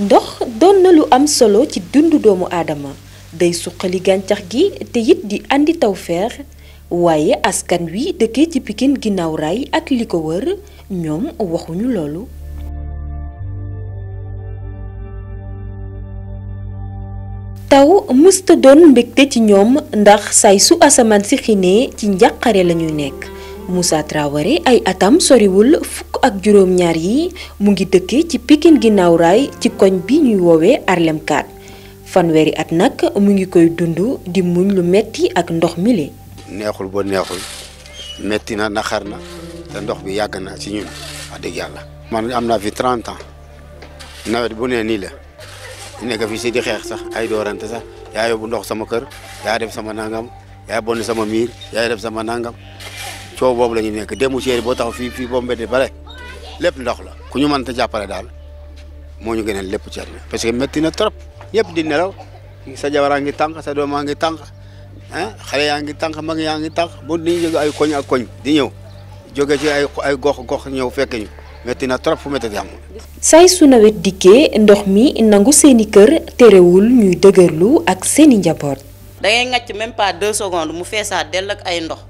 ndox doon lu am solo ci dundu doomu aadama day suqali gàncax gi te it di andi tawfeex waaye askan wi dëkkee ci pikin ginnaaw raay ak li ko wër ñoom waxuñu loolu. taw mësta doon mbégte ci ñoom ndax saay su asamaan si ci njàqare lañuy nekk. Musa Traoré ay atam soriwul fuk ak nyari ñaar yi mu ngi dëkke ci Pikine ginnaaw raay ci koñ bi ñuy Arlem 4 fanweeri at nag mu ngi koy dund di muñ lu metti ak ndox mile neexul ba neexul metti na naxar na te ndox bi yàgg na ci ñun wax dëgg yàlla man am naa fi 30 ans nawet bu nee nii la nekk fi di xeex sax ay doorante sax yaa yóbbu ndox sama kër yaa def sama nangam yaa bonni sama miir yaa def sama nangam coow boobu la ñu nekk démb séeri boo taxaw fii fii boo mbedd bare lépp ndox la ku ñu mën ta jàppale daal moo ñu gënal lépp ci àddina parce que métti na trop ñëpp di nelaw sa jabaraa ngi tànk sa doomaa ngi tànk ah xale yaa ngi tànk mag yaa ngi tànk bu di jóge ay koñ ak koñ di ñëw jóge ci ay ay gox gox ñëw fekk ñu métti na trop fu métti di am say su nawet dikkee ndox mi nangu seeni kër terewul ñuy dëgërlu ak seeni njaboot da ngay ngàcc même pas deux secondes mu feesaa dell ak ay ndox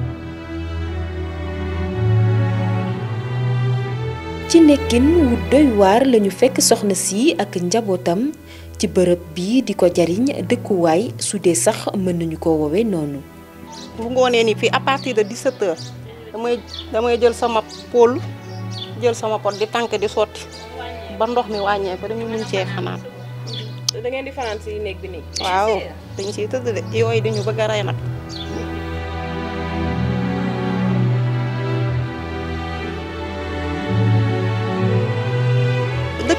nekkin wu doy waar lañu fekk soxna si ak njabootam ci bërëb bi di ko jariñ dëkkuwaay su dee sax mën nañu ko woowee noonu. bu ngoonee ni fi à partir de 17h damay damay jël sama pôle jël sama pot di tànk di sotti ba ndox mi wàññee ba dañu mun cee fanaan. da ngeen di fanaan si néeg bi nii. waaw dañ siy tëdd de yooyu dañu bëgg a rey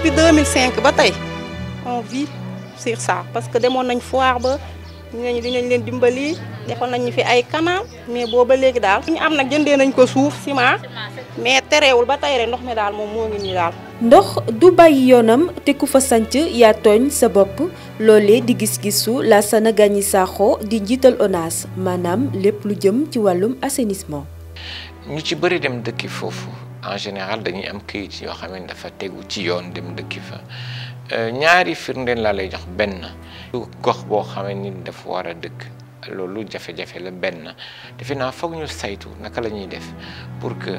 depuis 2005 ba tey on vit sur ça parce que demoon nañ foire ba ñooñu dinañ leen dimbali defoon nañ ñu fi ay canal mais booba léegi daal suñu am nag jëndee nañ ko suuf ciment mais terewul ba tey rek ndox mi daal moom moo ngi nii daal. ndox du bàyyi yoonam te ku fa sanc yaa tooñ sa bopp loolee di gis-gisu Lassana Gagny Sakho di njiital ONAS maanaam lépp lu jëm ci wàllum assainissement. ñu ci bëri dem dëkki foofu. en général dañuy am kayit yo xamé ne dafa tegu ci yoon dem dëkk fa euh ñaari firndeel la lay jox ben gox bo xamé ni dafa wara dëkk loolu jafe-jafe la ben defe naa foog ñu saytu naka lañuy def pour que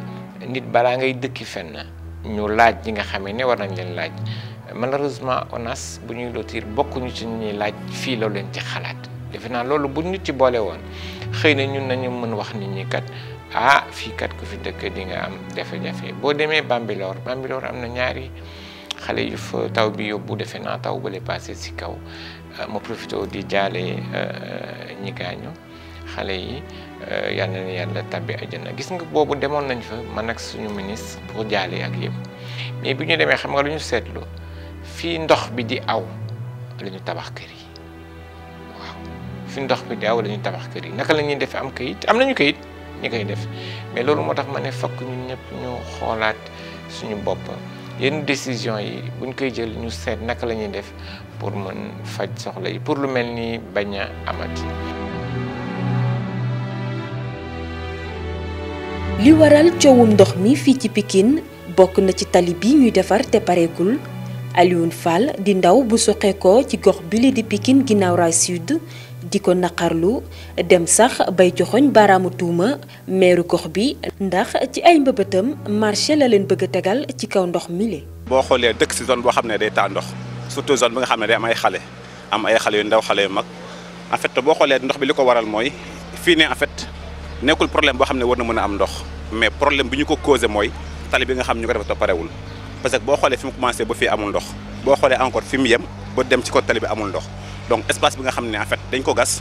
nit bala ngay dëkk fenn ñu laaj yi nga xamé ne war nañ leen laaj malheureusement ONAS bu ñuy lotir bokku ñu ci ñi laaj fi la leen ci xalaat defe naa loolu bu ñu ci bolé woon xeyna ñun nañu mën wax nit ñi kat. ah fii kat ku fi dëkk di nga am jafe-jafe boo demee Bambilor Bambilor am na ñaari xale yi fa taw bi yóbbu defe naa taw bale passé si kaw euh, ma profité di jaale euh, ñi gaañu xale yi euh, yal na yàlla tabbi àjjana gis nga boobu demoon nañ fa man ak suñu ministre pour jaale ak yëpp mais bi ñu demee xam nga lu ñu seetlu fii ndox bi di aw la ñu tabax kër yi waaw fi ndox bi di aw la ñu tabax kër yi naka la ñuy def am kayit am nañu kayit. ñi koy def mais loolu moo tax ma ne fokk ñun ñëpp ñu xoolaat suñu bopp yenn décision yi buñ koy jël ñu seet naka lañuy def pour mën faj soxla yi pour lu mel ni bañ a amati. li waral coowum ndox mi fii ci Pikine bokk na ci tali bi ñuy defar te pareegul Alioune Fall di ndaw bu soqeekoo ci gox bile di Pikine ginnaaw raay sud. diko ko naqarlu dem sax bay joxogn baramu tuuma meeru gox bi ndax ci ay mbëbëtam marché la len beug tegal ci kaw ndox mile bo xolé dëkk ci zone bo xamné day taa ndox surtout zone bi nga xamné day am ay xale am ay xale yu ndaw xale yu mag en fait bo xolé ndox bi liko waral moy fi ne en fait nekul problème bo xamné ne mëna am ndox mais problème biñu ko causer moy tali bi nga xamné ñu ko def ta parewul parce que bo xolé fimu commencé ba fi amul ndox bo xolé encore fimu yem bo dem ci ko tali bi amul ndox donc espace bi nga xam ne en fait dañ ko gas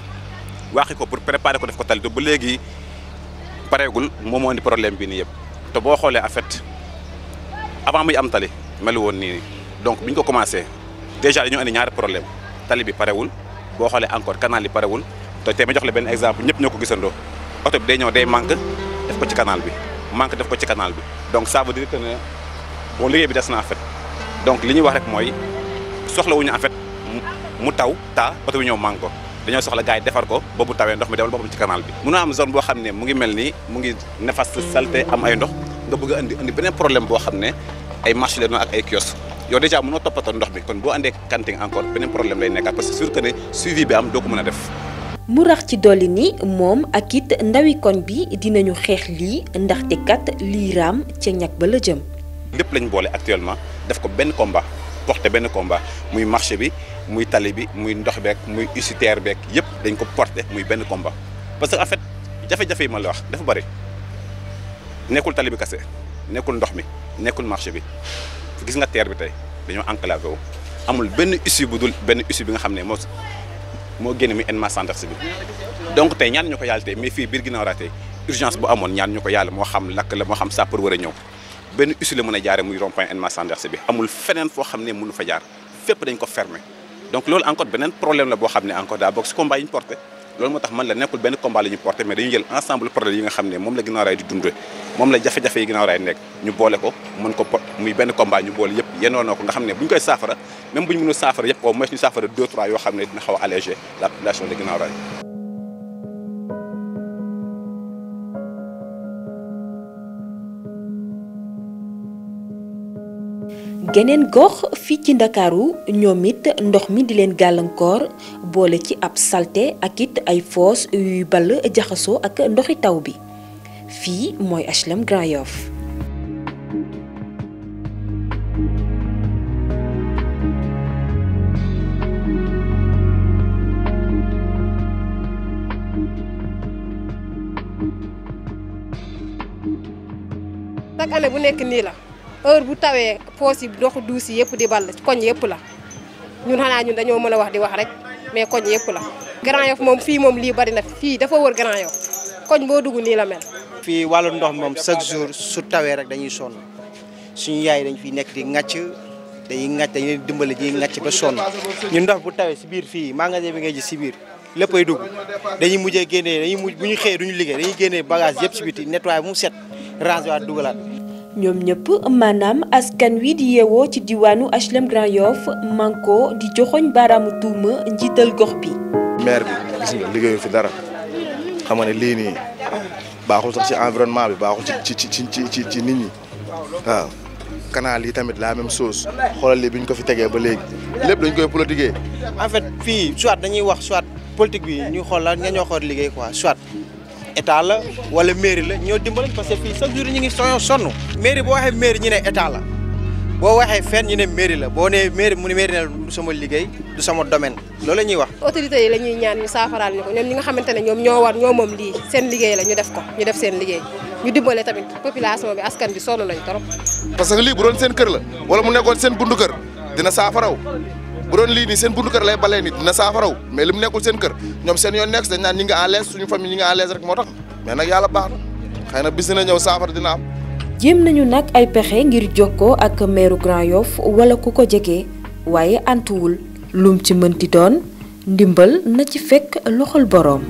waaxi ko pour préparer ko def ko tali te ba léegi pareegul moom moo indi problème bi nii yëpp te boo xoolee en fait avant muy am tali melu woon nii donc bi ko commencé déjà dañoo indi ñaari problème tali bi parewul boo xoolee encore canal yi parewul te tey ma jox le benn exemple ñëpp ñoo ko gisandoo oto bi day ñëw day manque def ko ci kanaal bi manque def ko ci kanaal bi donc ça di dire que ne bon liggéey bi des na en fait donc li ñuy wax rek mooy mu taw ta oto bi ñëw man ko dañoo soxla gaay defar ko boobu tawee ndox mi dewal boppam ci canal bi mën am zone mu ngi ni mu ngi nefas salté am ay ndox nga bëgg andi andi beneen problème bo xam ay marché la ak ay kiosque yow déjà mënoo toppatoo ndox kon kanting encore beneen problème lay nekkaat parce que sûr que ne suivi bi am doo ko mën a def mu rax ci dolli ni moom ak it ndawi koñ bi dinañu xeex lii ndaxte kat lii raam ca ñag ba la jëm lañ actuellement def ko combat combat muy marché bi muy talibi muy ndox beek muy usitaire beek yëpp dañ ko porter muy ben combat parce que en fait jafe-jafe ma la wax dafa bari nekul talibi kasse nekul nekkul ndox mi nekul marché bi gis nga terre bi tay dañoo enclavé wu amul ben issue bu dul issue bi nga xamné mo mo moo génn mi Enma Sandax bi donc tay ñaan ñuko ko yàlla mais fi biir ginnaaw raatee urgence bu amone ñaan ñuko ko mo xam lak la mo xam sàppar war a ñëw benn issue la mën muy rond-point Enma Sandax bi amul fenen fo xamné ne mënu fa jaar fep dañ ko fermer donc loolu encore benen problème la bo xamné encore da bokk si combat yi porter porté motax man la nekul benn combat la ñu porté mais dañu jël ensemble problème yi nga xamné mom la ginnaaw raay di dundee mom la jafé jafé yi ginnaaw raay nek ñu bolé ko mën ko pot muy benn combat ñu bolé yépp yenoo noo ko nga xamné buñ koy saafara même buñ mënu mënul yépp yëpp au moins ñu saafara deux trois yo xamné dina xaw alléger la population de ginnaaw raay geneen gox fii ci ndakaaru ñoom it ndox mi di leen gàllankoor boole ci ab salte ak it ay foos yuy ball jaxasoo ak ndoxi taw bi fii mooy HLM Grand Yoff bu nekk nii heure bu tawee foos yi doxu duus yëpp di ball koñ yëpp la ñun xanaa ñun dañoo mën a wax di wax rek mais koñ yëpp la garan Yoff moom fii moom lii bari na fii dafa wër Grand Yoff koñ boo dugg nii la mel fii wàllu ndox moom chaque jour su tawee rek dañuy sonn suñu yaay dañ fiy nekk di ŋàcc dañuy ŋàcc dañu leen dimbali di ŋàcc ba sonn ñu ndox bu tawee si biir fii magasin bi ngay gis si biir léppay dugg dañuy mujjee génnee dañuy mujj bu ñu xëyee duñu liggéey dañuy génnee bagage yëpp si biti nettoyé bu mu set range waat dugalaat ñoom ñëpp maanaam askan wi di yeewoo ci diwaanu HLM Grand Yoff manko di joxoñ baaraamu tuuma njiital gox bi. maire bi gis nga liggéeyu fi dara xam nga ne lii nii baaxul sax ci environnement bi baaxul ci ci ci ci ci nit ñi waaw. canal yi tamit laa même chose xoolal li bi ñu ko fi tegee ba léegi lépp dañ koy politiquer. en fii soit dañuy wax soit politique bi ñu xool la nga ñoo xool liggéey quoi soit. état la wala mairie la ñoo dimbali parce que fii chaque jour ñu ngi soño sonn mairie boo waxee mairie ñu ne état la boo waxee fen ñu ne mairie la boo nee mairie mu ne du sama liggéey du sama domaine loolu la ñuy wax autorités yi la ñuy ñaan ñu saafaraal ñu ko ñoom ñi nga xamante ne ñoom ñoo war ñoo moom lii seen liggéey la ñu def ko ñu def seen liggéey ñu dimbale tamit population bi askan bi sonn lañ trop parce que lii bu doon seen kër la wala mu nekkoon seen bundu kër dina saafaraw bu doon lii nii seen buntu kër lay balee nit dina saafaraw mais li mu nekkul seen kër ñoom seen yoon nekk dañ naan ñi nga à l'aise suñu famille ñi nga à l'aise rek moo tax mais nag yàlla baax na xëy na bis dina ñëw saafara dina jéem nañu nag ay pexe ngir jokkoo ak meeru Grand Yoff walla ku ko jege waaye antuwul lum ci mënti doon ndimbal na ci fekk loxol boroom.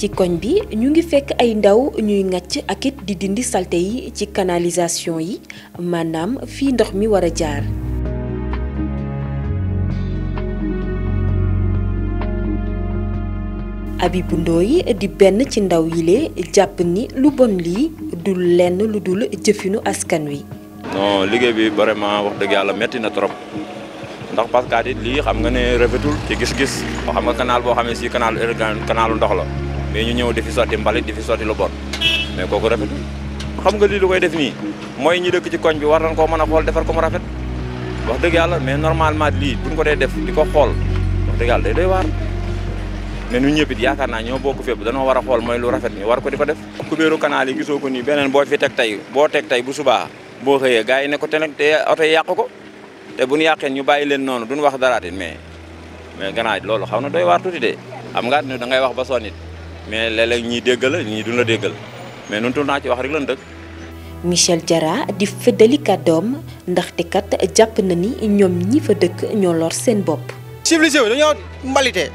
ci koñ bi ñu ngi fekk ay ndaw ñuy ngacc ak it di dindi salte yi ci canalisation yi maanaam fii ndox mi war a jaar. Abibou Ndoye di benn ci ndaw yile jàpp ni lu bon lii du lenn lu dul jëfinu askan wi. non liggéey bi vraiment wax dëgg yàlla metti na trop. ndax parce que lii xam nga ne rafetul ci gis-gis. xam nga kanaal boo xamee ne si canal canaalu ndox la. mais ñu ñëw di fi sotti mbalit di fi sotti lu bon rafet xam nga lii lu koy def nii mooy ñi dëkk ci koñ bi war nañ koo mën a xool defar ko mu rafet wax dëgg yàlla mais normalement lii buñ ko dee def di ko xool wax dëgg yàlla day doy waar mais ñun ñëpp it na naa ñoo bokk fépp danoo war a xool mooy lu rafet ñu war ko di ko def kubéeru canal yi gisoo ko beneen boo fi teg tey boo teg tey bu subaa boo xëyee gars yi ne ko te nag te yàq ko te buñu yàqeen ñu bàyyi leen noonu duñ wax daraatin mais mais gannaaw loolu xaw na doy waar tuuti de xam nga da wax ba sonn mais léeg-léeg ñiy dégg la ñii duñ la déggal mais nun naa ci wax rek lan dëkk. Michel Diarra di fëddali kàddoom ndaxte kat jàpp na ni ñoom ñi fa dëkk ñoo lor seen bopp. civilisé wu dañoo mbalité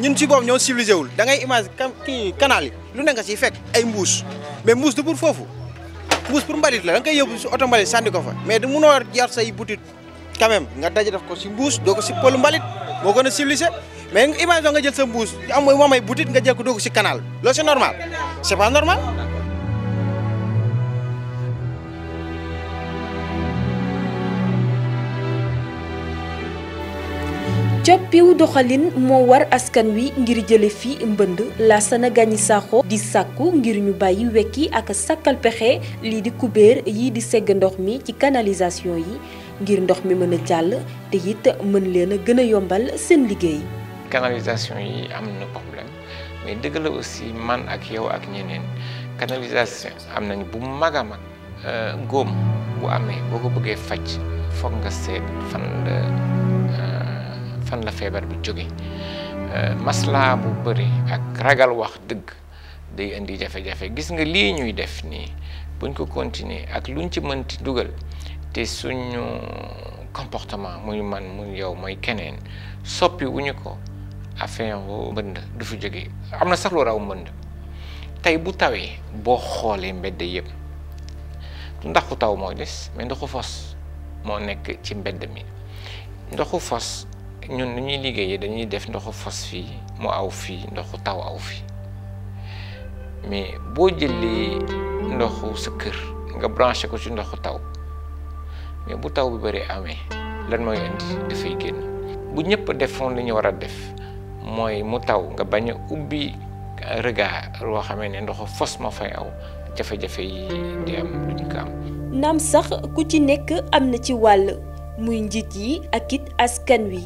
ñun ci boobu ñoo civilisé wul da ngay image kii canal yi lu ne nga fekk ay mbuus mais mbuus du pour foofu mbuus pour mbalit la da nga koy si oto mbalit sànni ko fa mais du munoo yar say butit quand même nga daja def ko si mbuus doo ko si pël mbalit moo ko a civilisé. mais imagine nga jël sa mbuus am mooy moomay butit nga jël ko dugg si canal loolu c'est doxalin moo war askan wi ngir jële fi mbënd Lassana Gagny Sakho di sàkku ngir ñu bàyyi wekki ak sàkkal pexe lii di kubéer yii di segg ndox mi ci canalisation yi ngir ndox mi mën a jàll te it mën leen a gën a yombal seen liggéey canalisation yi am na problème mais dëgg la aussi man ak yow ak ñeneen canalisation am nañ bu mag gom mag eh, bu amee boo ko bëggee faj nga fan la eh, fan la feebar bi jóge eh, bu bëri ak ragal wax dëgg day indi jafe-jafe gis nga lii ñuy def nii buñ ko continuer ak luñ ci ti dugal te suñu comportement muy man muy yow mooy keneen soppi wuñu ko afin mbënd du fi jóge am na sax lu raw mbënd tey bu tawee boo xoolee mbedd yëpp ndoxu taw mooy des mais ndoxu fos moo nekk ci mbedd mi ndoxu fos ñun nu ñuy liggéeyee dañuy def ndoxu fos fii mu aw fii ndoxu taw aw fii mais boo jëlee ndoxu sa kër nga branché ko ci ndoxu taw mais bu taw bu bari amee lan mooy indi dafay génn bu ñëpp defoon li ñu war a def mooy mu taw nga bañ a ubbi regard loo xamee ne ndoxu fos ma fay aw jafe-jafe yi di am duñ ko am. naam sax ku ci nekk am na ci wàll muy njiit yi ak it askan wi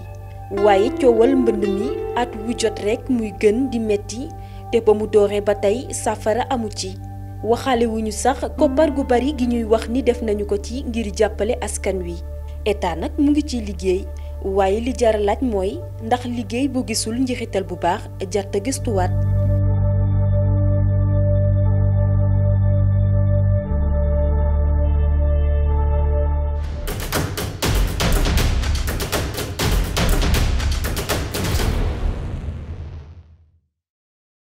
waaye coowal mbënd mi at wu jot rekk muy gën di metti te ba mu dooree ba tey safara amu ci waxaale wuñu sax koppar gu bari gi ñuy wax ni def nañu ko ci ngir jàppale askan wi état nag mu ngi ciy liggéey. waaye li jar laaj mooy ndax liggéey bu gisul njeexital bu baax jar te